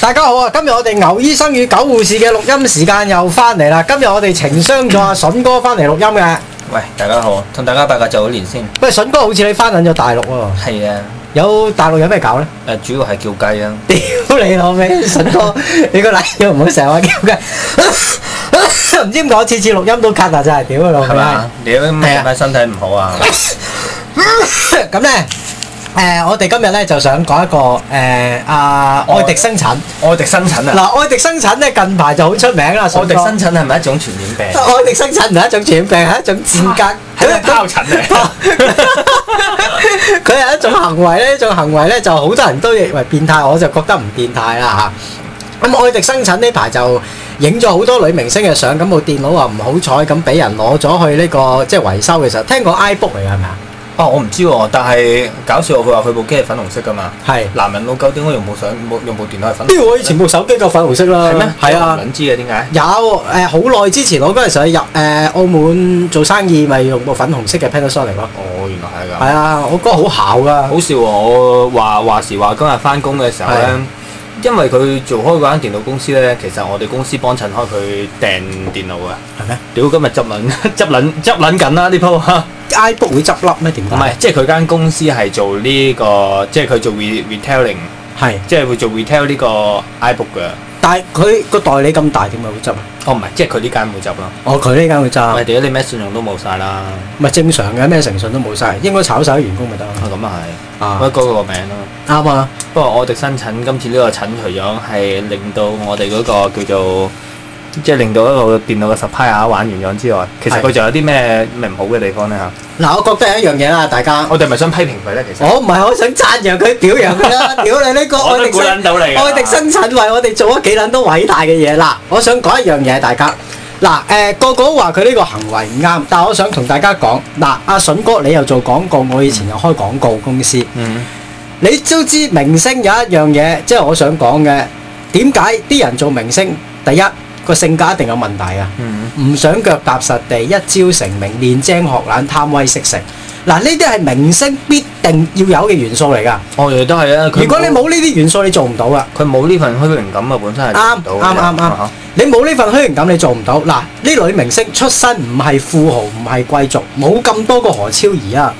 大家好啊！今日我哋牛醫生與狗護士嘅錄音時間又翻嚟啦！今日我哋情商咗阿笋哥翻嚟錄音嘅。喂，大家好，同大家拜個早年先。喂，笋哥，好似你翻緊咗大陸喎。係啊。的有大陸有咩搞咧？誒、呃，主要係叫雞啊，屌你老味，笋 哥，你個例子唔好成日話叫雞，唔 知點解次次錄音都卡，啊！真係屌啊！係嘛？你係咪身體唔好啊？咁咧是的？ 誒，我哋今日咧就想講一個誒，阿愛迪生陳，愛迪生陳啊！嗱，愛迪生陳咧近排就好出名啦。愛迪生陳係咪一種傳染病？愛迪生陳唔係一種傳染病，係一種賤格，係咩膠陳嚟？佢係一種行為咧，呢種行為咧，就好多人都認為變態，我就覺得唔變態啦吓。咁愛迪生陳呢排就影咗好多女明星嘅相，咁部電腦啊唔好彩，咁俾人攞咗去呢個即係維修嘅時候，聽過 iBook 嚟噶係咪啊？我唔知喎，但係搞笑，佢話佢部機係粉紅色噶嘛。係，男人老狗點解用部上，用部電腦係粉。屌！我以前部手機夠粉紅色啦。係咩？係啊。唔知嘅點解？有誒，好耐之前我嗰陣時入誒澳門做生意，咪用部粉紅色嘅 Panasonic 嚟喎。哦，原來係㗎。係啊，我覺得好巧㗎。好笑喎！我話話時話今日翻工嘅時候咧，因為佢做開嗰間電腦公司咧，其實我哋公司幫襯開佢訂電腦啊。係咩？屌！今日執撚執撚執撚緊啦呢鋪。iBook 會執笠咩？點解？唔係，即係佢間公司係做呢、呢個，即係佢做 re retailing，係，即係會做 retail 呢個 iBook 嘅。但係佢個代理咁大，點解會執？哦，唔係，即係佢呢間會執咯。哦，佢呢間會執。我哋咧咩信用都冇晒啦，唔係正常嘅咩誠信都冇晒，應該炒晒啲員工咪得咯。啊，咁啊係，屈嗰個名咯。啱啊，不過我哋申請今次呢個審除咗，係令到我哋嗰個叫做。即係令到一個電腦嘅十 player 玩完咗之外，其實佢仲有啲咩唔好嘅地方咧嚇？嗱，我覺得係一樣嘢啦，大家。我哋咪想批評佢咧，其實。我唔係，我想讚揚佢，表揚佢啦。屌你呢個愛迪生，愛迪生陳為我哋做咗幾撚多偉大嘅嘢啦！我想講一樣嘢，大家。嗱，誒個個都話佢呢個行為唔啱，但係我想同大家講，嗱，阿筍哥，你又做廣告，我以前又開廣告公司。嗯。你都知明星有一樣嘢，即係我想講嘅。點解啲人做明星？第一。個性格一定有問題啊！唔想腳踏實地，一朝成名，練精學懶，貪威識食。嗱，呢啲係明星必定要有嘅元素嚟㗎。哦，我哋都係啊！如果你冇呢啲元素，你做唔到噶。佢冇呢份虛榮感啊，本身係啱啱啱啱。你冇呢份虛榮感，你做唔到。嗱，呢女明星出身唔係富豪，唔係貴族，冇咁多個何超儀啊。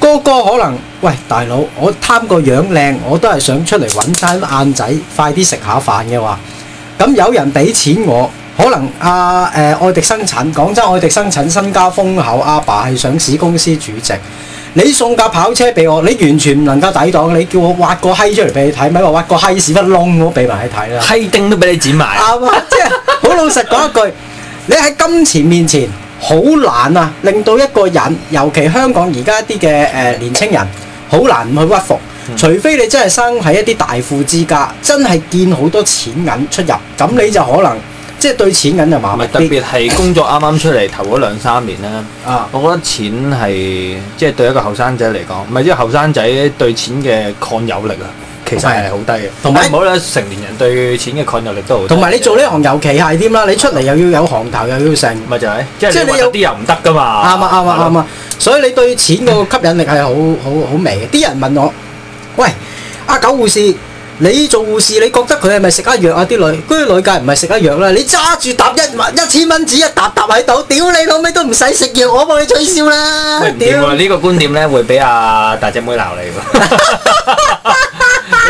個個可能，喂，大佬，我貪個樣靚，我都係想出嚟揾餐晏仔，快啲食下飯嘅話。咁有人俾錢我，可能阿誒、啊呃、愛迪生陳，講真，愛迪生陳身家豐厚，阿爸係上市公司主席，你送架跑車俾我，你完全唔能夠抵擋，你叫我挖個閪出嚟俾你睇，咪話挖個閪屎窟窿我都俾埋你睇啦，閪丁都俾你剪埋，啱啊！即係好老實講一句，你喺金錢面前好難啊，令到一個人，尤其香港而家啲嘅誒年青人，好難唔去屈服。除非你真係生喺一啲大富之家，真係見好多錢銀出入，咁你就可能即係、就是、對錢銀就麻麻地。唔係特別係工作啱啱出嚟 頭嗰兩三年啦，啊、我覺得錢係即係對一個後生仔嚟講，唔係即係後生仔對錢嘅抗有力啊，其實係好是低嘅。同埋唔好咧，且且成年人對錢嘅抗有力都好。同埋你做呢行尤其係添啦，你出嚟又要有行頭，又要成。咪就係、是，即係你有啲又唔得噶嘛。啱啊啱啊啱啊！所以你對錢個吸引力係好好好微嘅。啲人問我。喂，阿、啊、狗護士，你做護士，你覺得佢係咪食一藥啊？啲女，嗰啲女界唔係食一藥啦，你揸住搭一萬一千蚊紙一沓沓喺度，屌你老味都唔使食藥，我幫你取消啦。喂，唔掂呢、啊、丟 個觀點咧 會俾阿大姐妹鬧你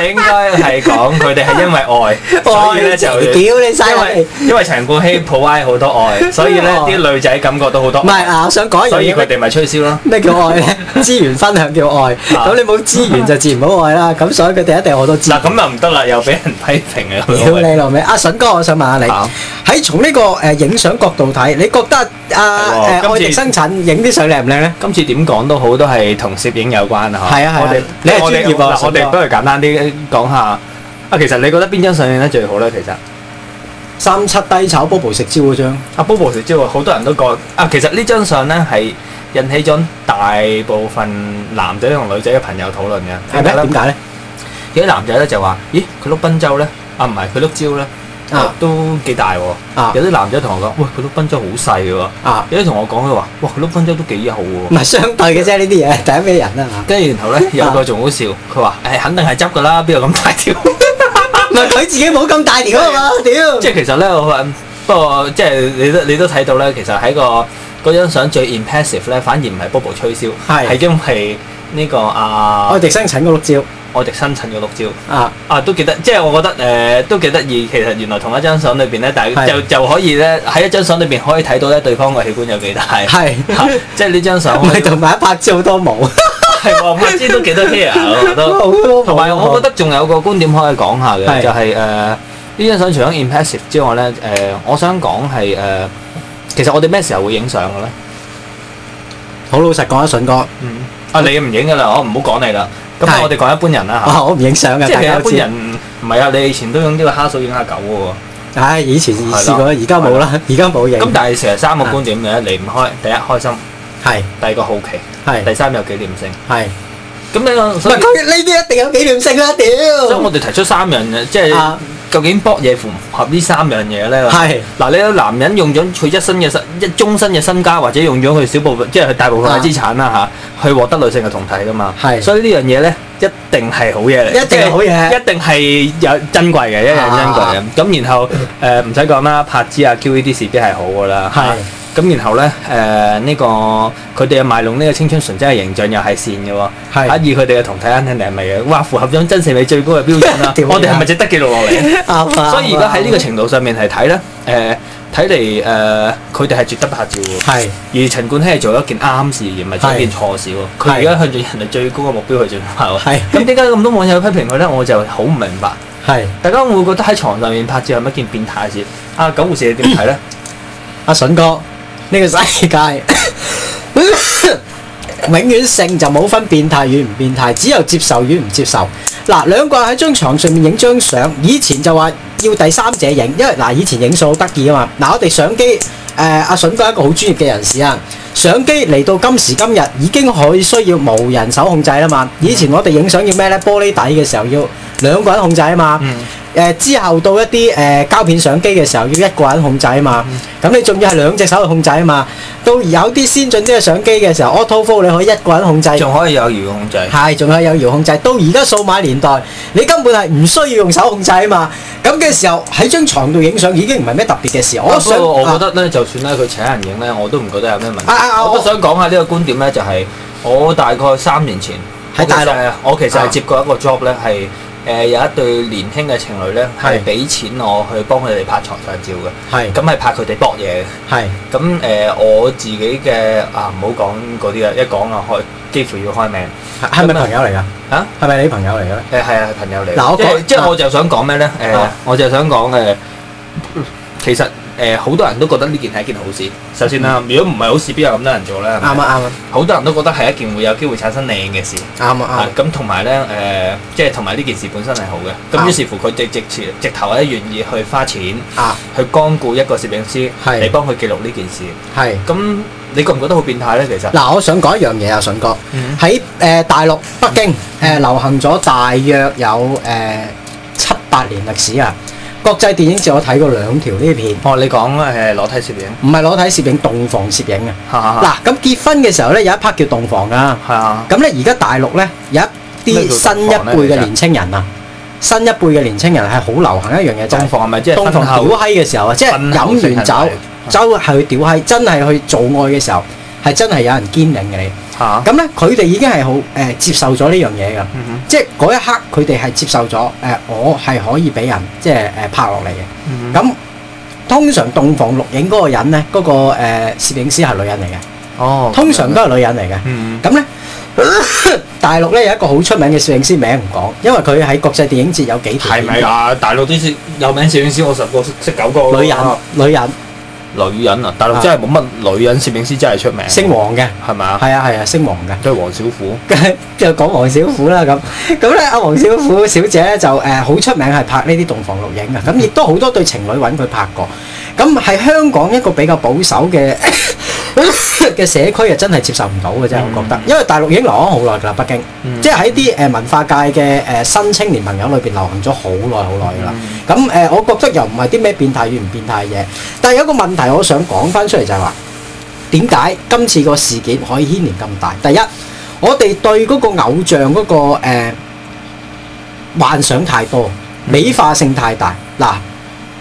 你應該係講佢哋係因為愛，所以咧就因為因為陳冠希 po out 好多愛，所以咧啲女仔感覺到好多愛，唔係啊！我想講一樣，所以佢哋咪推銷咯。咩叫愛咧？資源分享叫愛，咁你冇資源就自然冇愛啦。咁所以佢哋一定好多。嗱咁又唔得啦，又俾人批評啊！屌你老味，阿筍哥，我想問下你，喺從呢個誒影相角度睇，你覺得阿誒愛迪生陳影啲相靚唔靚咧？今次點講都好，都係同攝影有關啊。係啊係啊，你係專業個，我哋都係簡單啲。講下啊，其實你覺得邊張相影得最好咧？其實三七低炒 Bobo 食蕉嗰張，阿 Bobo 食蕉啊，好多人都講啊。其實呢張相咧係引起咗大部分男仔同女仔嘅朋友討論嘅。係咩？點解咧？有啲男仔咧就話：「咦，佢碌賓州咧？啊，唔係，佢碌蕉咧？都幾大喎！啊，有啲男仔同我講，喂，佢碌賓周好細嘅喎。啊，有啲同我講，佢話，哇，佢碌賓周都幾好喎。唔係相對嘅啫，呢啲嘢第一咩人啊嘛。跟住然後咧，有個仲好笑，佢話，誒，肯定係執嘅啦，邊度咁大條？唔係佢自己冇咁大條啊嘛，屌！即係其實咧，我覺得，不過即係你都你都睇到咧，其實喺個嗰張相最 impressive 咧，反而唔係 Bobo 吹簫，係因為呢個啊，愛迪生陳嘅碌蕉。我哋新陳咗六招啊啊，都幾得，即係我覺得誒、呃、都幾得意。其實原來同一張相裏邊咧，但係就是就可以咧喺一張相裏邊可以睇到咧對方個器官有幾大係是、啊，即係呢張相。同埋 是要一拍照好多毛係喎，知、 啊、都幾多 care 都。同埋我覺得仲 有，得有個觀點可以講下嘅， 是就係誒呢張相除咗 impressive 之外咧，誒、呃呃、我想講係誒其實我哋咩時候會影相嘅咧？好老實講啊，順哥，嗯嗯、啊你唔影噶啦，我唔好講你啦。咁我哋講一般人啦嚇，我唔影相嘅，即係一般人唔係啊！你以前都用呢個蝦嫂影下狗嘅喎。唉，以前試過，而家冇啦，而家冇影。咁但係成日三個觀點嚟，離唔開第一開心，係第二個好奇，係第三有紀念性，係。咁你個唔係呢啲一定有紀念性啦屌！所以我哋提出三人，即係。究竟搏嘢符唔符合呢三樣嘢咧？係嗱是，你啲男人用咗佢一身嘅身一終身嘅身家，或者用咗佢小部分，即係佢大部分嘅資產啦吓，啊、去獲得女性嘅同體噶嘛。係是，所以呢樣嘢咧一定係好嘢嚟，一定係好嘢，一定係有珍貴嘅，一樣珍貴嘅。咁、啊、然後誒唔使講啦，柏、呃、芝啊、QVD 事必係好噶啦，係是。咁然後咧，誒呢個佢哋嘅賣弄呢個青春純真嘅形象又係善嘅喎，而佢哋嘅同體肯定係咪嘅？哇，符合咗真善美最高嘅標準啦！我哋係咪值得記錄落嚟？所以而家喺呢個程度上面係睇咧，誒睇嚟誒佢哋係值得拍照嘅，而陳冠希係做一件啱事，而唔係做一件錯事喎。佢而家向住人類最高嘅目標去進發喎。係。咁點解咁多網友批評佢咧？我就好唔明白。係。大家會覺得喺床上面拍照係咪一件變態事？阿九護士點睇咧？阿筍哥。呢個世界 永遠性就冇分變態與唔變態，只有接受與唔接受。嗱，兩個人喺張床上面影張相，以前就話要第三者影，因為嗱以前影相好得意啊嘛。嗱，我哋相機誒、呃、阿筍都係一個好專業嘅人士啊。相機嚟到今時今日已經可以需要無人手控制啦嘛。以前我哋影相要咩咧？玻璃底嘅時候要兩個人控制啊嘛。誒、嗯呃、之後到一啲誒、呃、膠片相機嘅時候要一個人控制啊嘛。咁、嗯、你仲要係兩隻手去控制啊嘛。到有啲先進啲嘅相機嘅時候，auto focus 你可以一個人控制，仲可以有遙控制，係仲可以有遙控制。到而家數碼年代，你根本係唔需要用手控制啊嘛。咁嘅時候喺張床度影相已經唔係咩特別嘅事。我想，我覺得咧，就算咧佢請人影咧，我都唔覺得有咩問題。啊啊啊我想講下呢個觀點咧，就係我大概三年前，喺大陸啊，我其實係接過一個 job 咧，係誒有一對年輕嘅情侶咧，係俾錢我去幫佢哋拍牀上照嘅，係咁係拍佢哋搏嘢嘅，係咁誒我自己嘅啊唔好講嗰啲啊，一講啊開幾乎要開名。係係咪朋友嚟噶？嚇係咪你朋友嚟嘅咧？誒係啊，朋友嚟嗱，即即係我就想講咩咧？誒我就想講誒，其實。誒好多人都覺得呢件係一件好事，首先啦，如果唔係好事，邊有咁多人做咧？啱啊啱啊！好多人都覺得係一件會有機會產生靚嘅事。啱啊啱。咁同埋咧誒，即係同埋呢件事本身係好嘅。咁於是乎佢哋直前直頭咧願意去花錢，去光顧一個攝影師嚟幫佢記錄呢件事。係。咁你覺唔覺得好變態咧？其實嗱，我想講一樣嘢啊，順哥。喺誒大陸北京誒流行咗大約有誒七八年歷史啊。國際電影節我睇過兩條呢片。哦，你講啊係裸體攝影？唔係裸體攝影，洞房攝影 啊。嗱，咁結婚嘅時候咧有一 part 叫洞房噶。係啊。 咁咧而家大陸咧有一啲新一輩嘅年青人啊， 新一輩嘅年青人係好流行一樣嘢就係洞房係咪，即係洞房屌閪嘅時候啊，即係飲完酒，酒係去屌閪， 真係去做愛嘅時候，係真係有人堅領嘅你。咁咧，佢哋、啊、已經係好誒、呃、接受咗呢樣嘢噶，即係嗰一刻佢哋係接受咗誒，我係可以俾人即係誒拍落嚟嘅。咁、mm hmm. 通常洞房錄影嗰個人咧，嗰、嗰個誒、呃、攝影師係女人嚟嘅，哦，通常都係女人嚟嘅。咁咧、mm hmm. 呃，大陸咧有一個好出名嘅攝影師，名唔講，因為佢喺國際電影節有幾條？係咪啊？大陸啲有名攝影師，我十個識九個女人，女人。女人女人啊，大陸真係冇乜女人攝影師真係出名，姓黃嘅係咪啊？係啊係啊，姓黃嘅，都係黃小虎。咁 就講黃小虎啦咁。咁咧，阿黃小虎小姐就誒好、呃、出名係拍呢啲洞房錄影啊。咁亦都好多對情侶揾佢拍過。咁係香港一個比較保守嘅嘅社區啊，真係接受唔到嘅啫，我覺得。因為大陸已經流行咗好耐㗎啦，北京，即係喺啲誒文化界嘅誒新青年朋友裏邊流行咗好耐好耐㗎啦。咁誒，我覺得又唔係啲咩變態與唔變態嘅嘢。但係有個問題，我想講翻出嚟就係話點解今次個事件可以牽連咁大？第一，我哋對嗰個偶像嗰個誒幻想太多，美化性太大。嗱，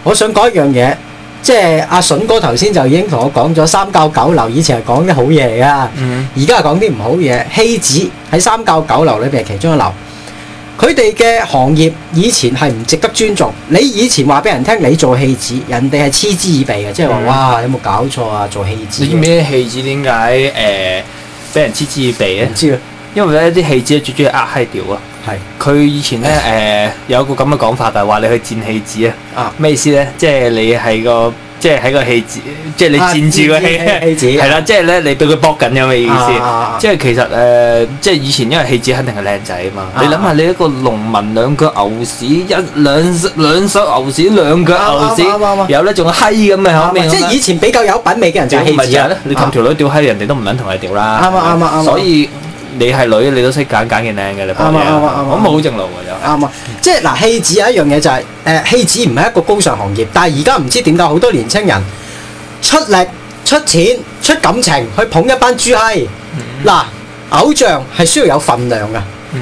我想講一樣嘢。即係阿筍哥頭先就已經同我講咗三教九流，以前係講啲好嘢嚟噶，而家係講啲唔好嘢。戲子喺三教九流裏邊係其中一流，佢哋嘅行業以前係唔值得尊重。你以前話俾人聽你做戲子，人哋係嗤之以鼻嘅，即係話哇有冇搞錯啊？做戲子，子？你知咩戲子點解誒俾人嗤之以鼻咧？唔知啦，因為咧啲戲子最中意呃 high 調啊。係佢以前咧，誒有個咁嘅講法，就係話你去賤戲子啊！啊，咩意思咧？即係你係個，即係喺個戲子，即係你賤住個戲，戲子係啦。即係咧，你俾佢搏緊咁嘅意思。即係其實誒，即係以前因為戲子肯定係靚仔啊嘛。你諗下，你一個農民兩腳牛屎，一兩兩手牛屎，兩腳牛屎，然後咧仲係閪咁嘅口面。即係以前比較有品味嘅人就係戲子。你咁條女屌閪，人哋都唔肯同你屌啦。啱啊啱啊，啱。所以你係女，你都識揀揀嘅靚嘅你啱唔啱啊？我唔係好正路喎，又啱啊！即係嗱，戲、就是、子有一樣嘢就係、是，誒、呃、戲子唔係一個高尚行業，但係而家唔知點解好多年青人出力、出錢、出感情去捧一班豬閪。嗱、嗯，偶像係需要有份量嘅。嗯、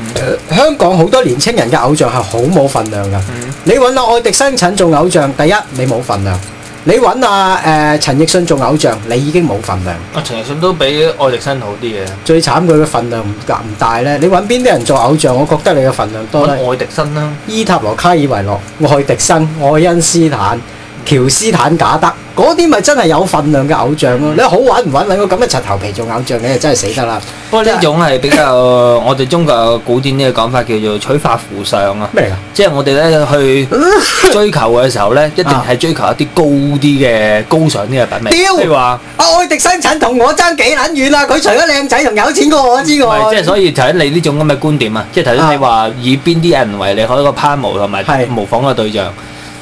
香港好多年青人嘅偶像係好冇份量嘅。嗯、你揾落愛迪生襯做偶像，第一你冇份量。你揾阿誒陳奕迅做偶像，你已經冇份量。阿、啊、陳奕迅都比愛迪生好啲嘅。最慘佢嘅份量唔唔大咧。你揾邊啲人做偶像，我覺得你嘅份量多咧？愛迪生啦，伊塔羅卡爾維諾、愛迪生、愛因斯坦。嗯喬斯坦賈德嗰啲咪真係有份量嘅偶像咯，你好揾唔揾？揾個咁嘅柒頭皮做偶像，你就真係死得啦！不過呢種係比較 我哋中國古典呢個講法叫做取法乎上啊，咩嚟㗎？即係我哋咧去追求嘅時候咧，一定係追求一啲高啲嘅，啊、高尚啲嘅品味。即係話啊，愛迪生陳同我爭幾撚遠啊？佢除咗靚仔同有錢過我之外，嗯，即係所以睇你呢種咁嘅觀點啊。即係睇你話以邊啲人為你嗰個攀模同埋模仿嘅對象。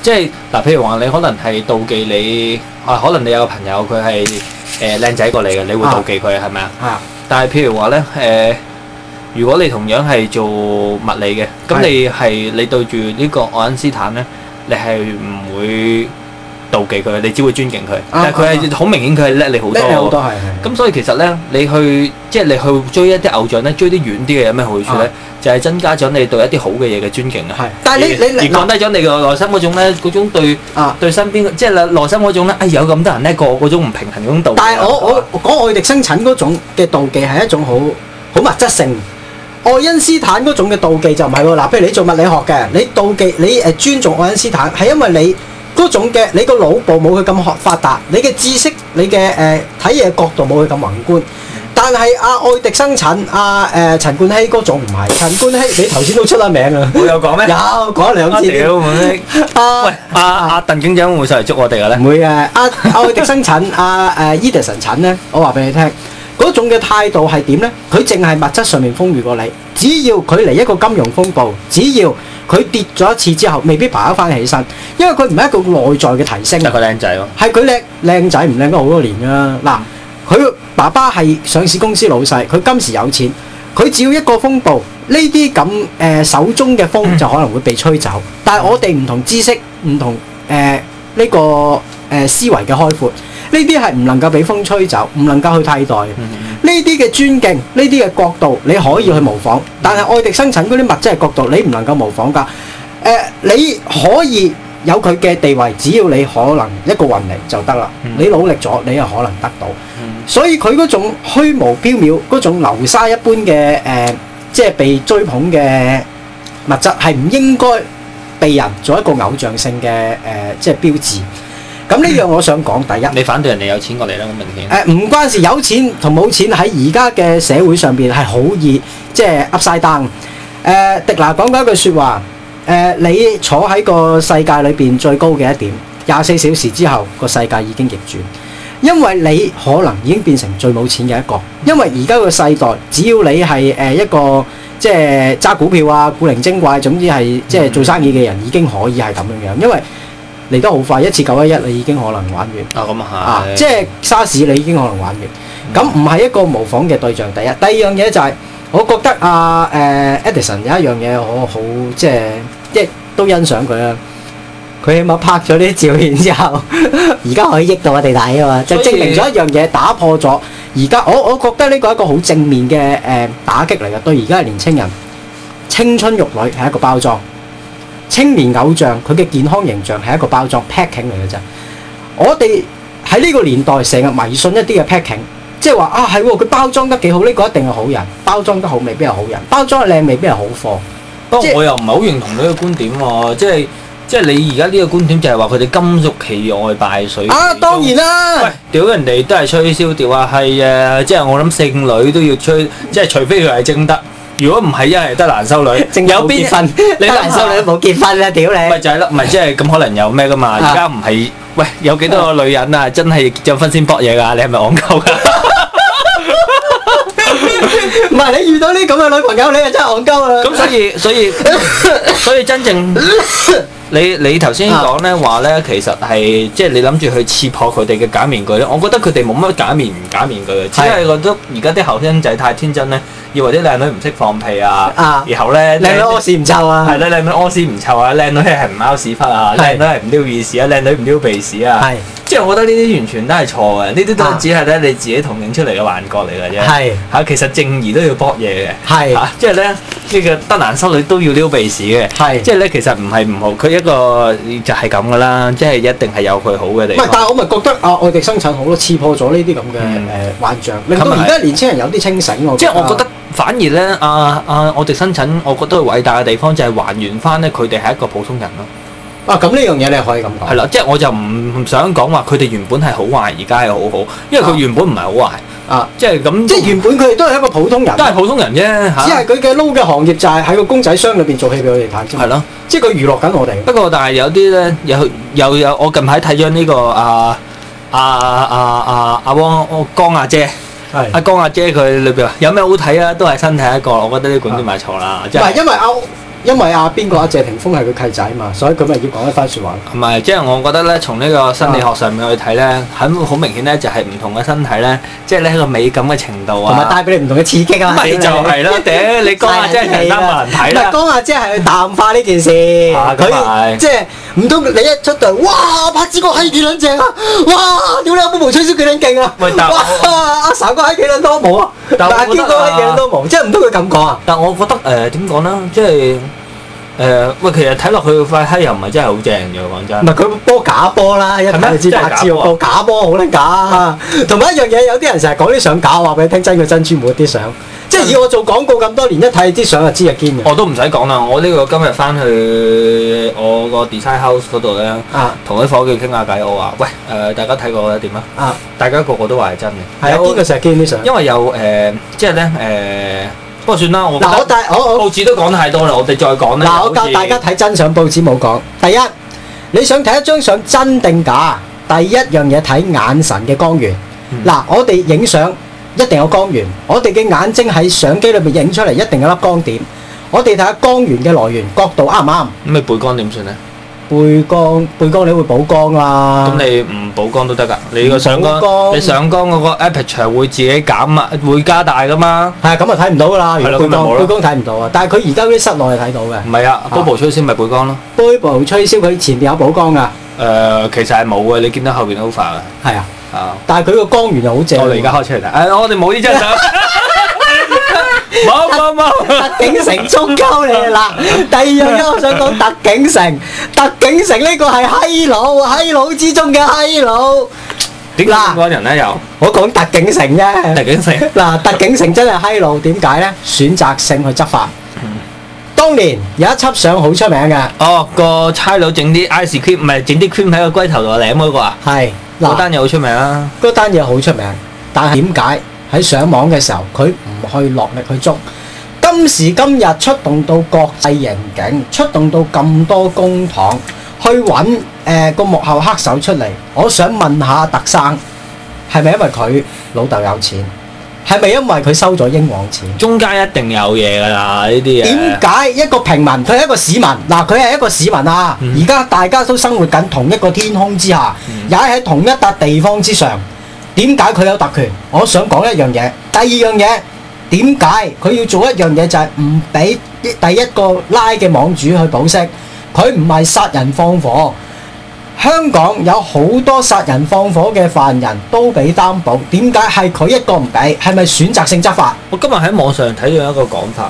即係嗱，譬如話你可能係妒忌你啊，可能你有個朋友佢係誒靚仔過嚟嘅，你會妒忌佢係咪啊？啊！但係譬如話咧誒，如果你同樣係做物理嘅，咁你係是的 你對住呢個愛因斯坦咧，你係唔會妒忌佢，你只會尊敬佢，但係佢係好明顯佢係叻你好多。好多。係。咁所以其實咧，你去即係你去追一啲偶像咧，追啲遠啲嘅有咩好處咧？啊、就係增加咗你對一啲好嘅嘢嘅尊敬啦。係。但係你而你降低咗你嘅內心嗰種咧，嗰種對啊對身邊即係內心嗰種咧、哎，有咁多人叻過嗰種唔平衡嗰種妒。但係我我，我講愛迪生陳嗰種嘅妒忌係一種好好物質性，愛因斯坦嗰種嘅妒忌就唔係喎。嗱，譬如你做物理學嘅，你妒忌你誒尊重愛因斯坦係因為你。嗰種嘅你個腦部冇佢咁學發達，你嘅知識、你嘅誒睇嘢角度冇佢咁宏觀。但係阿、啊、愛迪生陳阿誒陳冠希嗰種唔係，陳冠希，陳冠希你頭先都出咗名啊！我有講咩？有講兩次。阿、啊啊啊、喂，阿、啊、阿、啊、鄧警長會，會上嚟捉我哋嘅咧？唔會嘅、啊。阿、啊、愛迪生陳阿誒 Edison 陳咧，我話俾你聽，嗰 種嘅態度係點咧？佢淨係物質上面豐裕過你，只要佢嚟一個金融風暴，只要。佢跌咗一次之後，未必爬得返起身，因為佢唔係一個內在嘅提升。係佢靚仔咯，係佢靚靚仔唔靚咗好多年啦。嗱，佢爸爸係上市公司老細，佢今時有錢，佢只要一個風暴，呢啲咁誒手中嘅風就可能會被吹走。嗯、但係我哋唔同知識，唔同誒呢、呃呢個誒、呃、思維嘅開闊，呢啲係唔能夠俾風吹走，唔能夠去替代。嗯呢啲嘅尊敬，呢啲嘅角度，你可以去模仿，但係愛迪生陳嗰啲物質嘅角度，你唔能夠模仿噶。誒、呃，你可以有佢嘅地位，只要你可能一個運力就得啦。你努力咗，你就可能得到。所以佢嗰種虛無縹緲、嗰種流沙一般嘅誒、呃，即係被追捧嘅物質，係唔應該被人做一個偶像性嘅誒、呃，即係標誌。咁呢樣我想講，第一，你反對人哋有錢過嚟啦。好明顯。誒、呃，唔關事，有錢同冇錢喺而家嘅社會上邊係好易，即係 upside down。誒、呃，迪娜講緊一句說話，誒、呃，你坐喺個世界裏邊最高嘅一點，廿四小時之後個世界已經逆轉，因為你可能已經變成最冇錢嘅一個，因為而家個世代，只要你係誒一個即係揸股票啊、古靈精怪，總之係即係做生意嘅人，嗯、已經可以係咁樣樣，因為。嚟得好快，一次九一一你已經可能玩完啊！咁啊即係是、嗯、沙士你已經可能玩完。咁唔係一個模仿嘅對象。第一，第二樣嘢就係、是，我覺得啊誒、呃、Edison 有一樣嘢我好即係即都欣賞佢啦。佢起碼拍咗啲照片之後而家 可以益到我哋睇啊嘛，以就證明咗一樣嘢，打破咗而家我我覺得呢個係一個好正面嘅誒、呃、打擊嚟嘅，對而家嘅年輕人，青春玉女係一個包裝。青年偶像佢嘅健康形象係一個包裝 packing 嚟嘅啫。我哋喺呢個年代成日迷信一啲嘅 packing，即係話啊係喎，佢包裝得幾好，呢、這個一定係好人。包裝得好未必係好人，包裝靚未必係好貨。不過我又唔係好認同你嘅觀點喎、啊，即係即係你而家呢個觀點就係話佢哋金玉其外敗絮水。啊，當然啦、啊，屌人哋都係吹簫屌話係誒，即係我諗剩女都要吹，即係除非佢係正德。如果唔係，因為得難修女，淨有邊份，你難修女都冇結婚啊！屌你，咪就係咯，咪即係咁可能有咩噶嘛？而家唔係，喂，有幾多個女人啊？真係結咗婚先搏嘢噶？你係咪戇鳩噶？唔係你遇到呢咁嘅女朋友，你係真係戇鳩啊！咁所以所以所以真正。你你頭先講咧話咧，其實係即係你諗住去刺破佢哋嘅假面具咧。我覺得佢哋冇乜假面唔假面具嘅，是的 只係我覺得而家啲後生仔太天真咧，以為啲靚女唔識放屁啊，啊然後咧靚女屙屎唔臭啊，係啦，啊，靚的女屙屎唔臭啊，靚女係唔踎屎忽啊，靚的女係唔撩耳屎啊，靚女唔撩鼻屎啊，係。即係我覺得呢啲完全都係錯嘅，呢啲都只係咧你自己同影出嚟嘅幻覺嚟嘅啫。係吓是，其實正義都要搏嘢嘅。係即係咧，呢、啊就是、個得男失女都要撩鼻屎嘅。係是，即係咧，其實唔係唔好，佢一個就係咁噶啦，即、就、係、是、一定係有佢好嘅地方。但係我咪覺得啊，我哋生產好多刺破咗呢啲咁嘅誒幻象，是是令到而家年輕人有啲清醒咯。即係、就是、我覺得反而咧，阿、啊、阿、啊啊、我哋生產，我覺得偉大嘅地方就係、是、還原翻咧，佢哋係一個普通人咯。啊咁呢樣嘢你可以咁講？係啦，即係我就唔唔想講話佢哋原本係好壞，而家係好好，因為佢原本唔係好壞啊，啊就是、即係咁。即係原本佢哋都係一個普通人，都係普通人啫嚇。啊、只係佢嘅撈嘅行業就係喺個公仔箱裏邊做戲俾我哋睇啫。係咯的，啊、即係佢娛樂緊我哋。不過但係有啲咧，有有有，有，我近排睇咗呢個啊啊啊啊阿汪、啊啊啊啊、江阿姐，係阿的、啊、江阿姐佢裏邊有咩好睇啊？都係身體一個，我覺得呢款都買錯啦。即係，因為因為阿邊個阿謝霆鋒係佢契仔嘛，所以佢咪要講一番説話。唔係，即係我覺得咧，從呢個生理學上面去睇咧，很好明顯咧，就係唔同嘅身體咧，即係呢個美感嘅程度啊，同埋帶俾你唔同嘅刺激啊。你就係咯，嗲你講下即係睇得冇人睇啦。講下即係淡化呢件事。佢，即係唔通你一出場，哇！柏子哥閪幾撚正啊！哇！屌你有冇無吹須幾撚勁啊？哇！阿 Samuel 閪幾撚多毛啊？但阿 Jiao 閙幾撚多毛？即係唔通佢咁講啊？但係我覺得誒點講咧，即係。誒喂、呃，其實睇落去佢塊黑又唔係真係好正嘅，講真。唔係佢波假波啦，一睇就知白知喎，個嗎假波好撚假。同埋 一樣嘢，有啲人成日講啲相假，我話俾你聽，真嘅珍珠冇啲相。嗯、即係以我做廣告咁多年，一睇啲相就知係堅嘅。我都唔使講啦，我呢個今日翻去我個 design house 嗰度咧，同啲夥計傾下偈，我話：喂，誒、呃、大家睇過覺得點啊？大家個個都話係真嘅。係啊，呢個成日見啲相？因為有誒，即係咧誒。不過算啦，我嗱我但係我我報紙都講太多啦，我哋再講咧。嗱，我教大家睇真相，報紙冇講。第一，你想睇一張相真定假？第一樣嘢睇眼神嘅光源。嗱，我哋影相一定有光源，我哋嘅眼睛喺相機裏邊影出嚟，一定有粒光點。我哋睇下光源嘅來源角度啱唔啱？咩背光點算咧？背光背光，背光你會補光啊？咁你唔補光都得噶，你個上光，光你上光嗰個 aperture 會自己減啊，會加大噶嘛。係啊，咁啊睇唔到噶啦。原來，背光、啊、背光睇唔到，到啊。但係佢而家啲室內係睇到嘅。唔係啊，波部吹簫咪背光咯。波部吹簫佢前面有補光噶。誒、呃，其實係冇啊，你見到後邊好快。係啊，啊。但係佢個光源就好正。我哋而家開出嚟睇。誒，我哋冇呢張相。冇冇冇，特警城出鳩你啦！第二樣嘢我想講特警城，特警城呢個係嗨佬，嗨佬之中嘅嗨佬。點解個人咧又，我講特警城啫。特警城嗱，特警城真係嗨佬，點解咧？選擇性去執法。當年有一輯相好出名嘅。哦，個差佬整啲 ice cream，唔係整啲 cream 喺個龜頭度舐嗰個啊？係嗰單嘢好出名啊！嗰單嘢好出名，但係點解？喺上網嘅時候，佢唔去落力去捉。今時今日出動到國際刑警，出動到咁多公帑去揾誒個幕後黑手出嚟。我想問下特生，係咪因為佢老豆有錢？係咪因為佢收咗英皇錢？中間一定有嘢㗎啦！呢啲嘢，點解一個平民，佢係一個市民，嗱，佢係一個市民啊！而家大家都生活緊同一個天空之下，也喺同一笪地方之上。點解佢有特權？我想講一樣嘢。第二樣嘢，點解佢要做一樣嘢就係唔俾第一個拉嘅網主去保釋？佢唔係殺人放火。香港有好多殺人放火嘅犯人都俾擔保，點解係佢一個唔俾？係咪選擇性執法？我今日喺網上睇咗一個講法，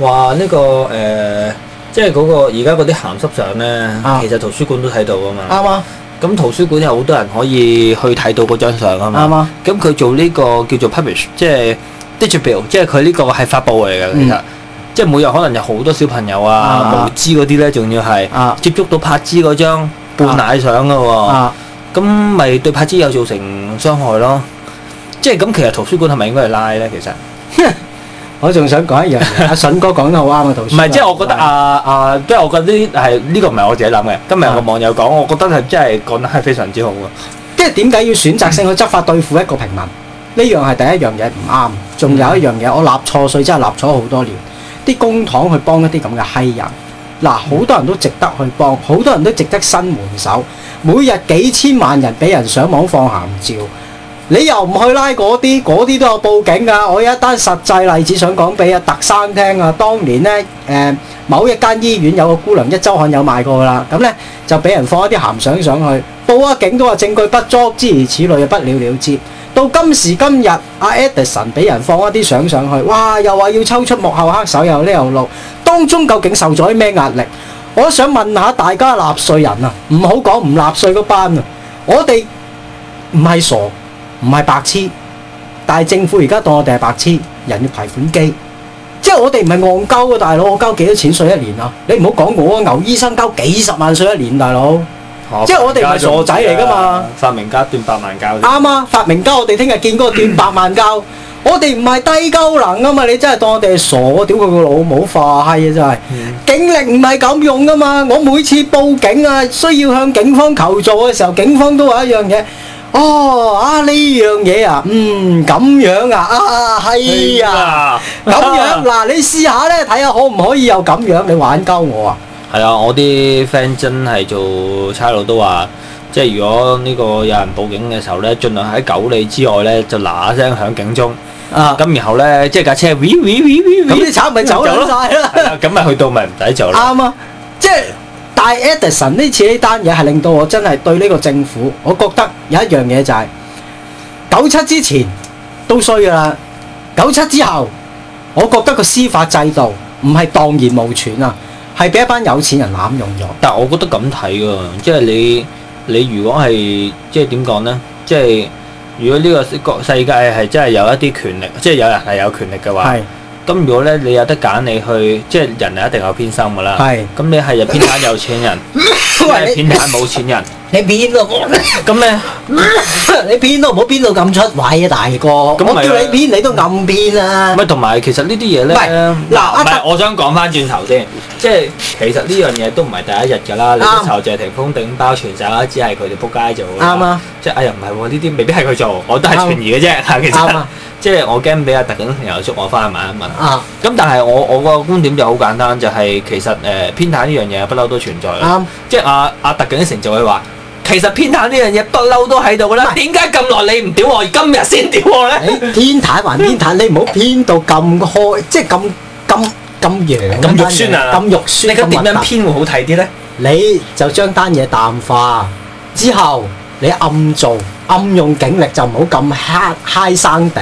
話呢、這個誒、呃，即係嗰、那個而家嗰啲鹹濕相咧，啊、其實圖書館都睇到啊嘛。啱啊。咁圖書館有好多人可以去睇到嗰張相啊嘛，咁佢吧做呢個叫做 publish，即係 digital，即係佢呢個係發布嚟嘅，嗯、其實，即係每日可能有好多小朋友啊,啊無知嗰啲咧，仲要係、啊、接觸到柏芝嗰張半奶相㗎喎，咁咪、啊啊、對柏芝有造成傷害咯，即係咁其實圖書館係咪應該係拉咧其實？ 我仲想講一樣嘢， 阿信哥講得好啱嘅圖書。唔係，即係我覺得阿阿對、啊啊，即係我覺得係呢、呢個唔係我自己諗嘅。今日有個網友講，是我覺得係真係講得係非常之好嘅。即係點解要選擇性去執法對付一個平民？呢樣係第一樣嘢唔啱。仲有一樣嘢， 我納錯稅真係納咗好多年。啲公帑去幫一啲咁嘅閪人，嗱好多人都值得去幫，好多人都值得伸援手。每日幾千萬人俾人上網放鹹照。你又唔去拉嗰啲，嗰啲都有報警噶。我有一單實際例子想講俾阿特生聽啊。當年咧，誒某一間醫院有個姑娘，壹週刊有賣過啦，咁咧就俾人放一啲鹹相上去，報咗警都話證據不足，諸如此類啊，不了了之。到今時今日，阿 Edison 俾人放一啲相上去，哇，又話要抽出幕後黑手，又呢條路，當中究竟受咗啲咩壓力？我想問下大家納稅人啊，唔好講唔納稅嗰班啊，我哋唔係傻。唔係白痴，但係政府而家當我哋係白痴，人要提款機，即係我哋唔係戇鳩嘅。大佬，我交幾多錢稅一年啊？你唔好講我啊，牛醫生交幾十萬稅一年，大佬，啊、即係我哋唔係傻仔嚟噶嘛？發、啊、明家斷百、啊、百萬教，啱啊！發明家，我哋聽日見過斷百萬教，我哋唔係低鳩能啊嘛？你真係當我哋係傻，屌佢個老母，化閪啊真係！嗯、警力唔係咁用噶嘛？我每次報警啊，需要向警方求助嘅時候，警方都話一樣嘢。哦，啊呢樣嘢啊，嗯咁樣啊，啊係啊，咁樣嗱、啊啊啊啊，你試下咧，睇下可唔可以有咁樣，你玩鳩我啊？係啊，我啲 friend 真係做差佬都話，即係如果呢個有人報警嘅時候咧，盡量喺九里之外咧就嗱聲響警鐘啊，咁然後咧即係架車，咁啲賊咪走晒啦，係啊，咁咪去到咪唔使走啦。即係。但 Edison 呢次呢單嘢係令到我真係對呢個政府，我覺得有一樣嘢就係九七之前都衰噶啦，九七之後，我覺得個司法制度唔係蕩然無存啊，係俾一班有錢人濫用咗。但係我覺得咁睇喎，即係你你如果係即係點講咧？即係如果呢個世世界係真係有一啲權力，即係有人係有權力嘅話。咁如果咧你有得揀，你去即係人係一定有偏心嘅啦。係，咁你係又偏袒有錢人，偏袒冇錢人。你偏咯，咁咩？你偏都唔好偏到咁出位啊，大哥。咁我叫你偏，你都暗偏啊。咪同埋其實呢啲嘢咧，嗱，唔係我想講翻轉頭先，即係其實呢樣嘢都唔係第一日㗎啦。啱。頭就係霆鋒頂包全啦，只係佢哋撲街做。啱啊。即係哎呀唔係喎，呢啲未必係佢做，我都係存疑嘅啫。其實。即係我驚俾阿特警朋友捉我翻去問一問啊！咁但係我我個觀點就好簡單，就係、是、其實誒偏袒呢樣嘢不嬲都存在。啱、啊啊，即係阿阿特警成就會話，其實偏袒呢樣嘢不嬲都喺度㗎啦。點解咁耐你唔屌我，今日先屌我咧？偏袒還偏袒，你唔好偏到咁開， 即係咁咁咁樣咁肉酸啊！咁肉酸，你咁點樣偏會好睇啲咧？你就將單嘢淡化之後，你暗做暗用警力就唔好咁嗨嗨生定。」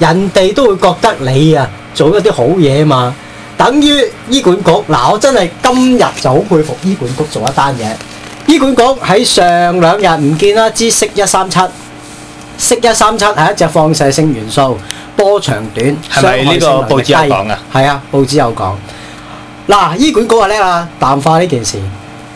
人哋都會覺得你啊做一啲好嘢嘛，等於醫管局嗱、啊，我真係今日就好佩服醫管局做一單嘢。醫管局喺上兩日唔見啦，支色一三七，色一三七係一隻放射性元素，波長短。係咪呢個報紙有講噶？係啊，報紙有講。嗱、啊，醫管局話咧啊，淡化呢件事。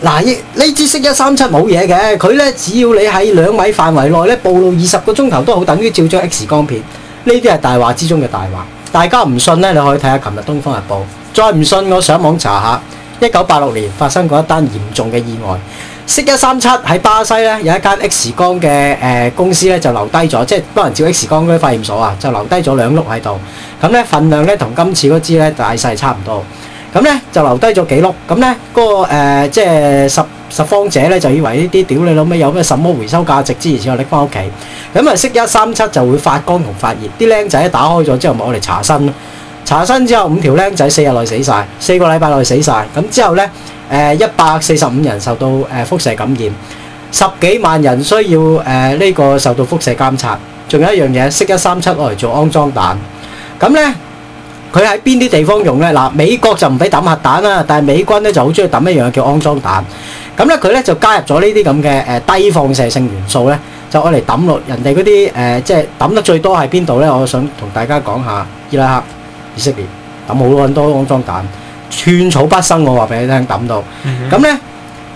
嗱、啊，呢支色一三七冇嘢嘅，佢咧只要你喺兩米範圍內咧暴露二十個鐘頭都好，等於照咗 X 光片。呢啲係大話之中嘅大話，大家唔信咧，你可以睇下琴日《東方日報》，再唔信我上網查下，一九八六年發生過一單嚴重嘅意外，銫一三七喺巴西咧有一間 X 光嘅誒公司咧就留低咗，即係幫人照 X 光嗰啲化驗所啊，就留低咗兩碌喺度，咁咧份量咧同今次嗰支咧大細差唔多。咁咧就留低咗幾粒，咁咧嗰個誒即係拾拾荒者咧就以為呢啲屌你老味有咩什麼回收價值之餘，先又拎翻屋企。咁啊，銫一三七就會發光同發熱，啲僆仔打開咗之後咪攞嚟查身咯。查身之後五條僆仔四日內死曬，四個禮拜內死曬。咁之後咧誒一百四十五人受到誒輻射感染，十幾萬人需要誒呢個受到輻射監察。仲有一樣嘢，銫一三七攞嚟做骯髒彈。咁咧。佢喺邊啲地方用咧？嗱，美國就唔俾抌核彈啦，但係美軍咧就好中意抌一樣嘢叫安裝彈。咁咧佢咧就加入咗呢啲咁嘅誒低放射性元素咧，就攞嚟抌落人哋嗰啲誒，即係抌得最多喺邊度咧？我想同大家講下伊拉克、以色列抌好多安裝彈，寸草不生，我話俾你聽抌到。咁咧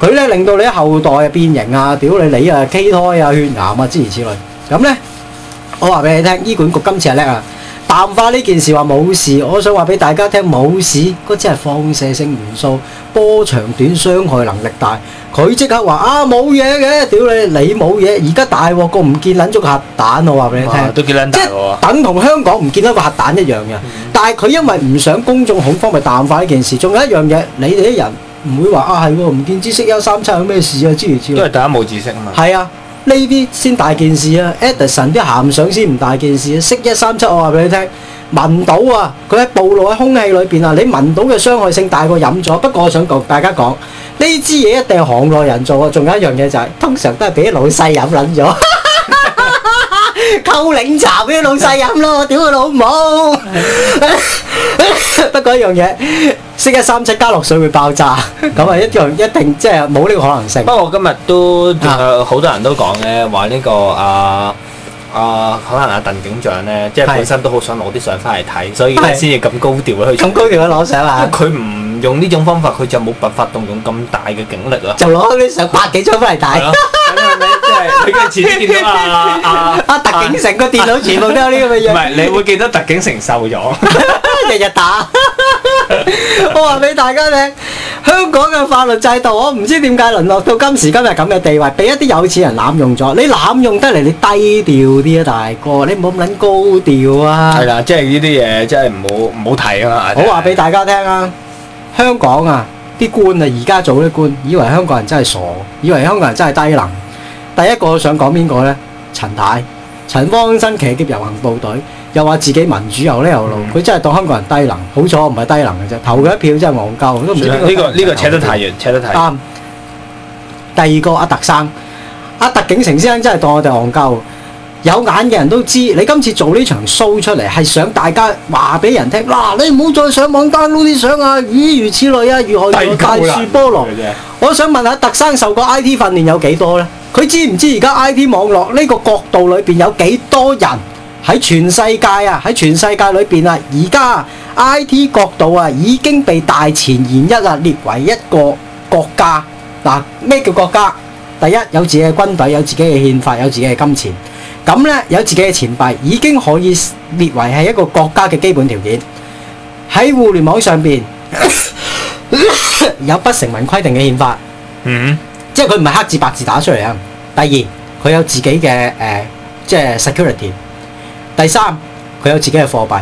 佢咧令到你後代啊變形啊，屌你你啊畸胎啊，血癌啊，諸如此類。咁咧我話俾你聽，醫管局今次係叻啊！淡化呢件事話冇事，我想話俾大家聽冇事，嗰隻係放射性元素，波長短，傷害能力大。佢即刻話啊冇嘢嘅，屌你你冇嘢。而家大鑊個唔見捻咗個核彈，我話俾你聽、啊。都幾捻大喎、啊，等同香港唔見得個核彈一樣嘅。嗯、但係佢因為唔想公眾恐慌，咪淡化呢件事。仲有一樣嘢，你哋啲人唔會話啊係，唔見知識一三七，有咩事啊？之如此，因為大家冇知識啊嘛。係啊。呢啲先大件事啊，Edison 啲鹹相先唔大件事，識一三七我話俾你聽，聞到啊，佢喺暴露喺空氣裏邊啊，你聞到嘅傷害性大過飲咗。不過我想講，大家講呢支嘢一定係行內人做啊，仲有一樣嘢就係通常都係俾啲老細飲撚咗，溝檸茶俾啲老細飲咯，屌佢老母！不過一樣嘢。升一三七加落水會爆炸，咁啊一定一定即係冇呢個可能性。不過我今日都好多人都講咧，話呢、呢個啊啊、呃呃、可能阿鄧警長咧，即係本身都好想攞啲相翻嚟睇，所以先至咁高調去咁高調去攞相啦、啊。佢唔。用呢種方法，佢就冇辦法動用咁大嘅警力 啊！是是就攞、是、到啲成百幾張翻嚟打，即係佢嘅錢見得啊啊，啊！特警成個電腦全部都有呢咁嘅嘢。唔係 你會記得特警成瘦咗，日 日 天打。 我話俾大家聽，香港嘅法律制度，我唔知點解淪落到今時今日咁嘅地位，俾一啲有錢人濫用咗。你濫用得嚟，你低調啲啊，大哥，你唔好咁撚高調啊。係啦，即係呢啲嘢，即係唔好唔好提啊！好話俾大家聽啊！香港啊，啲官啊，而家做啲官，以為香港人真係傻，以為香港人真係低能。第一個想講邊個咧？陳太，陳方安生騎劫遊行部隊，又話自己民主又叻又路，佢、嗯、真係當香港人低能。好彩唔係低能嘅啫，投佢一票真係戇鳩，都唔呢個呢、這個這個扯得太遠，扯得太。啊、嗯！第二個愛迪生，愛迪生陳先生真係當我哋戇鳩。有眼嘅人都知，你今次做呢場 show 出嚟係想大家話俾人聽，嗱，你唔好再上網 download 啲相啊，以如此類啊，如何大樹菠蘿？我想問下，特生受過 I T 訓練有幾多呢？佢知唔知而家 I T 網絡呢個角度裏邊有幾多人喺全世界啊？喺全世界裏邊啊，而家、啊、I T 角度啊，已經被大前研一啊列為一個國家嗱。咩、啊、叫國家？第一有自己嘅軍隊，有自己嘅憲法，有自己嘅金錢。咁咧，有自己嘅錢幣已經可以列為係一個國家嘅基本條件。喺互聯網上邊 有不成文規定嘅憲法，嗯、mm，hmm. 即係佢唔係黑字白字打出嚟啊。第二，佢有自己嘅誒、呃，即係 security。第三，佢有自己嘅貨幣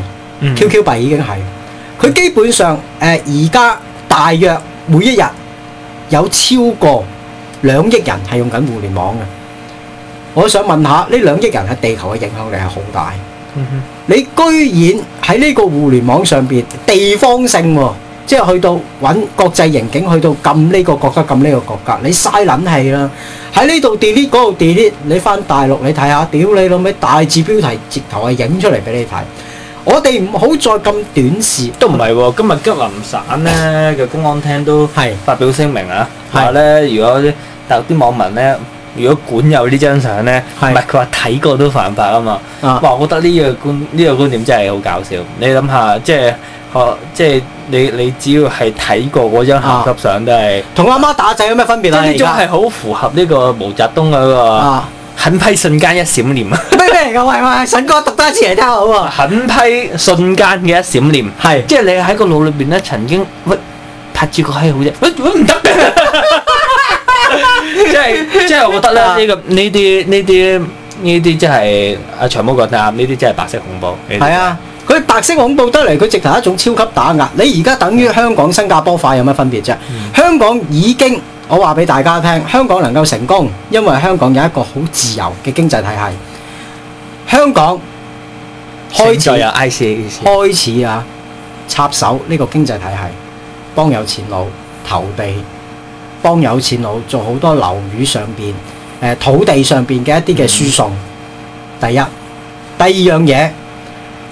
，QQ 幣已經係佢基本上，誒而家大約每一日有超過兩億人係用緊互聯網嘅。我想問下呢兩億人喺地球嘅影響力係好大，你居然喺呢個互聯網上邊地方性喎，即係去到揾國際刑警去到撳呢個國家撳呢個國家，你嘥撚氣啦！喺呢度 delete 嗰度 delete，你返大陸你睇下，屌你老味大字標題直頭係影出嚟俾你睇。我哋唔好再咁短視。都唔係喎，今日吉林省咧嘅公安廳都係發表聲明啊，話咧如果啲大陸啲網民咧。如果管有張呢張相咧，唔係佢話睇過都犯法啊嘛！啊哇，我覺得呢個觀呢、呢個觀點真係好搞笑。你諗下，即係即係你你只要係睇過嗰張鹹濕相都係同阿媽打仔有咩分別啊？呢種係好符合呢個毛澤東嗰個、啊、狠批瞬間一閃念啊！咩 喂喂，神哥讀多一次嚟睇下好喎！狠批瞬間嘅一閃念係是即係你喺個腦裏邊咧曾經，我拍住個閪胡咧，我我唔得。 即係即係，我覺得咧呢、啊這個呢啲呢啲呢啲，即係阿長毛講得啱，呢啲即係白色恐怖。係啊，佢白色恐怖得嚟，佢直頭係一種超級打壓。你而家等於香港新加坡化有乜分別啫？嗯、香港已經我話俾大家聽，香港能夠成功，因為香港有一個好自由嘅經濟體系。香港開始開始啊，插手呢個經濟體系，幫有錢佬投地。幫有錢佬做好多樓宇上邊誒土地上邊嘅一啲嘅輸送。第一，第二樣嘢，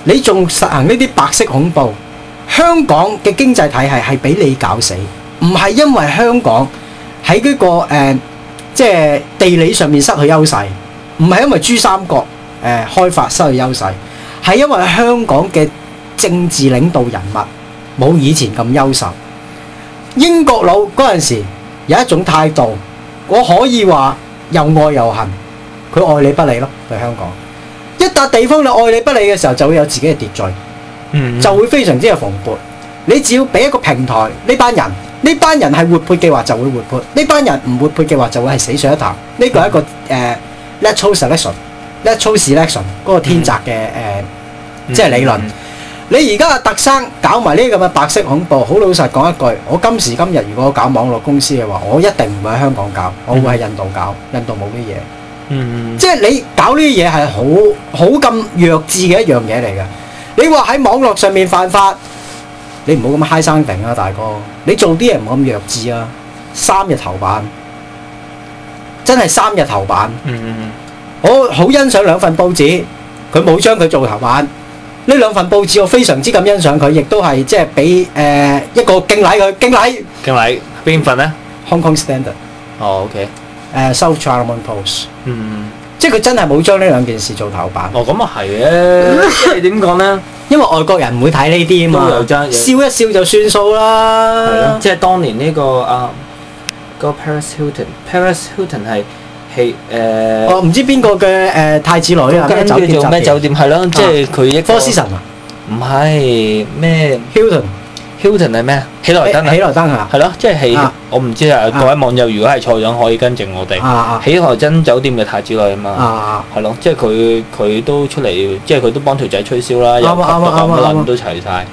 你仲實行呢啲白色恐怖，香港嘅經濟體系係俾你搞死，唔係因為香港喺呢個誒即係地理上面失去優勢，唔係因為珠三角誒開發失去優勢，係因為香港嘅政治領導人物冇以前咁優秀。英國佬嗰陣時。有一種態度，我可以話又愛又恨，佢愛理不理咯。對香港一笪地方，你愛理不理嘅時候，就會有自己嘅秩序，嗯嗯就會非常之有蓬勃。你只要俾一個平台，呢班人，呢班人係活潑嘅話就會活潑，呢班人唔活潑嘅話就會係死水一潭。呢個係一個誒、嗯呃、let choice selection，let choice selection，嗰個天擇嘅誒即係理論。嗯嗯嗯。你而家愛迪生搞埋呢啲咁嘅白色恐怖，好老實講一句，我今時今日如果搞網絡公司嘅話，我一定唔會喺香港搞，我會喺印度搞。嗯、印度冇咩嘢，嗯、即係你搞呢啲嘢係好好咁弱智嘅一樣嘢嚟嘅。你話喺網絡上面犯法，你唔好咁嗨生定啊，大哥！你做啲嘢唔好咁弱智啊，三日頭版，真係三日頭版。嗯、我好欣賞兩份報紙，佢冇將佢做頭版。呢兩份報紙我非常之咁欣賞佢，亦都係即係俾誒一個敬禮佢敬禮。敬禮邊份咧？Hong Kong Standard。哦，OK。誒，South China Morning Post。嗯，即係佢真係冇將呢兩件事做頭版。哦，咁啊係咧。點講咧？因為外國人唔會睇呢啲啊嘛。都有，有笑一笑就算數啦。係咯的。即係當年呢個啊個 Paris Hilton，Paris Hilton 係。係我唔知邊個嘅誒太子女啊？間叫做咩酒店？係咯，即係佢一個。科斯神啊？唔係咩？Hilton，Hilton 係咩？喜來登啊！喜來登啊！係咯，即係喜我唔知啊！各位網友，如果係錯咗，可以跟正我哋。喜來登酒店嘅太子女啊嘛。啊係咯，即係佢佢都出嚟，即係佢都幫條仔吹簫啦，又乜乜乜乜都齊晒。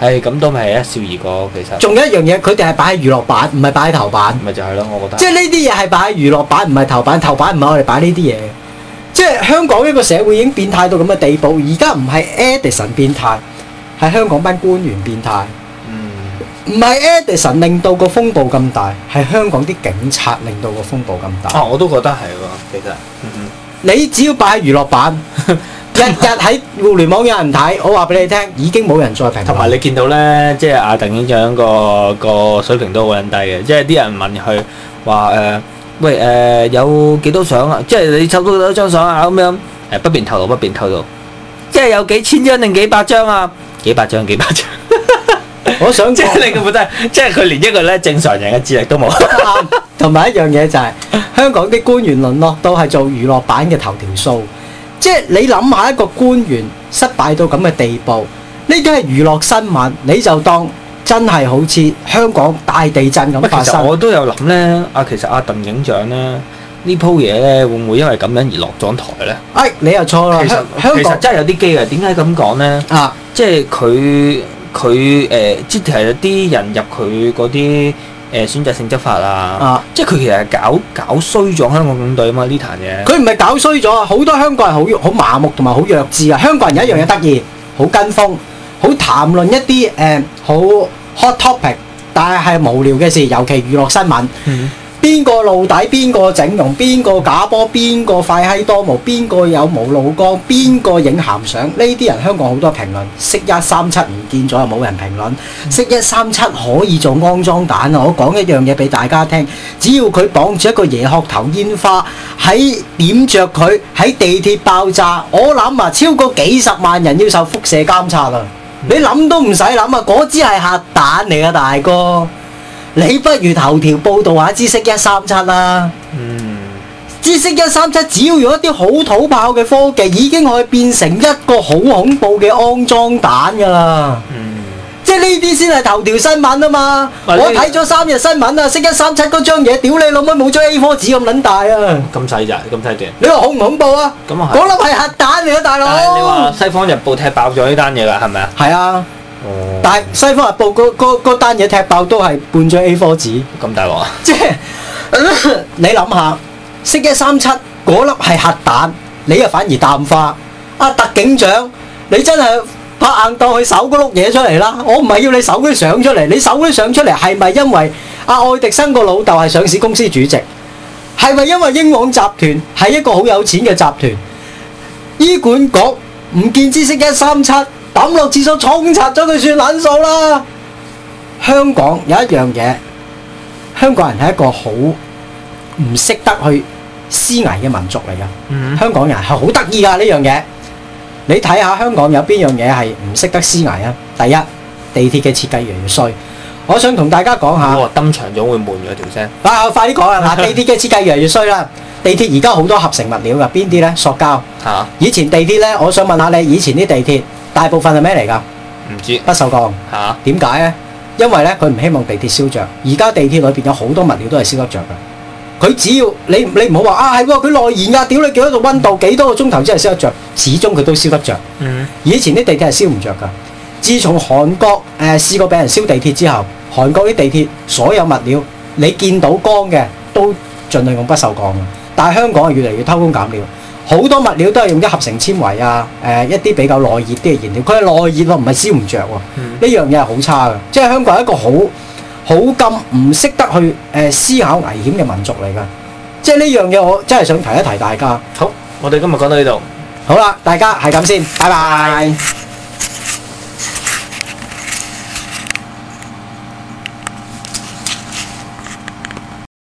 誒咁都係一笑而過，其實。仲有一樣嘢，佢哋係擺喺娛樂版，唔係擺喺頭版。咪就係咯，我覺得。即係呢啲嘢係擺喺娛樂版，唔係頭版。頭版唔係我哋擺呢啲嘢。即係香港一個社會已經變態到咁嘅地步，而家唔係 Edison 變態，係香港班官員變態。嗯。唔係 Edison 令到個風暴咁大，係香港啲警察令到個風暴咁大。啊，我都覺得係喎，其實。嗯嗯。你只要擺喺娛樂版。 日日喺互聯網有人睇，我話俾你聽，已經冇人再評同埋你見到咧，即係阿鄧院長個個水平都好撚低嘅，即係啲人問佢話誒，喂誒、呃，有幾多相啊？即係你抽到幾多張相啊？咁樣誒，不便透露，不便透露。即係有幾千張定幾百張啊？幾百張，幾百張。 我想說 即你嘅目的， 即係佢連一個咧正常人嘅智力都冇、 就是。同埋一樣嘢就係香港啲官員淪落，都係做娛樂版嘅頭條數。即係你諗下一個官員失敗到咁嘅地步，呢啲係娛樂新聞，你就當真係好似香港大地震咁發生。其實我都有諗咧，阿其實阿鄧、啊啊、影像咧呢鋪嘢咧會唔會因為咁樣而落咗台咧？哎，你又錯啦！其實香港其實真係有啲機嘅，點解咁講咧？啊，即係佢佢誒，即係啲人入佢嗰啲。誒、呃、選擇性執法啊！啊，即係佢其實係搞搞衰咗香港警隊啊嘛呢壇嘢。佢唔係搞衰咗好多香港人好好麻木同埋好弱智啊！香港人有一樣嘢得意，好跟風，好談論一啲誒好 hot topic，但係係無聊嘅事，尤其娛樂新聞。嗯邊個露底？邊個整容？邊個假波？邊個快閪多毛？邊個有無露光？邊個影鹹相？呢啲人香港好多評論，識一三七唔見咗又冇人評論，識一三七可以做骯髒彈啊！我講一樣嘢俾大家聽，只要佢綁住一個椰殼頭煙花喺點着佢喺地鐵爆炸，我諗啊，超過幾十萬人要受輻射監察啊！嗯、你諗都唔使諗啊，嗰支係核彈嚟啊，大哥！你不如頭條報道下知識一三七啦。嗯，知識一三七，只要用一啲好土炮嘅科技，已經可以變成一個好恐怖嘅安裝彈噶啦。嗯，即係呢啲先係頭條新聞啊嘛。我睇咗三日新聞你啊，識一三七嗰張嘢，屌你老妹冇張 A4 紙咁撚大啊！咁細咋？咁細碟？你話恐唔恐怖啊？咁係，嗯。嗰粒係核彈嚟啊，大佬！但係你話西方日報踢爆咗呢單嘢啦，係咪啊？係啊。但係西方日報嗰單嘢踢爆都係半張 A4 紙咁大鑊啊！ 即係你諗下，色一三七嗰粒係核彈，你又反而淡化。阿特警長，你真係拍硬檔去搜嗰碌嘢出嚟啦！我唔係要你搜啲相出嚟，你搜啲相出嚟係咪因為阿愛迪生個老豆係上市公司主席？係咪因為英皇集團係一個好有錢嘅集團？醫管局唔見咗色一三七。抌落廁所沖擦咗佢，算捻數啦。香港有一樣嘢，香港人係一個好唔識得去思危嘅民族嚟噶。香港人係好得意噶呢樣嘢。你睇下香港有邊樣嘢係唔識得思危啊？第一，地鐵嘅設計越嚟越衰。我想同大家講下，我登場咗會悶咗條聲。啊，快啲講啦，吓，地鐵嘅設計越嚟越衰啦。地鐵而家好多合成物料噶，邊啲咧？塑膠。吓，以前地鐵咧，我想問下你，以前啲地鐵。大部分係咩嚟噶？唔知，不鏽鋼。嚇？點解咧？因為咧，佢唔希望地鐵燒着，而家地鐵裏邊有好多物料都係燒得着嘅。佢只要你你唔好話啊，係喎，佢內燃噶、啊，屌你幾多度温度，幾多個鐘頭之後係燒得着，始終佢都燒得着。嗯。以前啲地鐵係燒唔着噶，自從韓國誒試、呃、過俾人燒地鐵之後，韓國啲地鐵所有物料你見到光嘅都盡量用不鏽鋼嘅，但係香港係越嚟越偷工減料。好多物料都係用一合成纖維啊，誒、呃、一啲比較耐熱啲嘅燃料，佢係耐熱喎、啊，唔係燒唔着喎。呢樣嘢係好差嘅，即係香港係一個好好咁唔識得去誒、呃、思考危險嘅民族嚟㗎。即係呢樣嘢，我真係想提一提大家。好，我哋今日講到呢度，好啦，大家係咁先，拜拜。拜拜。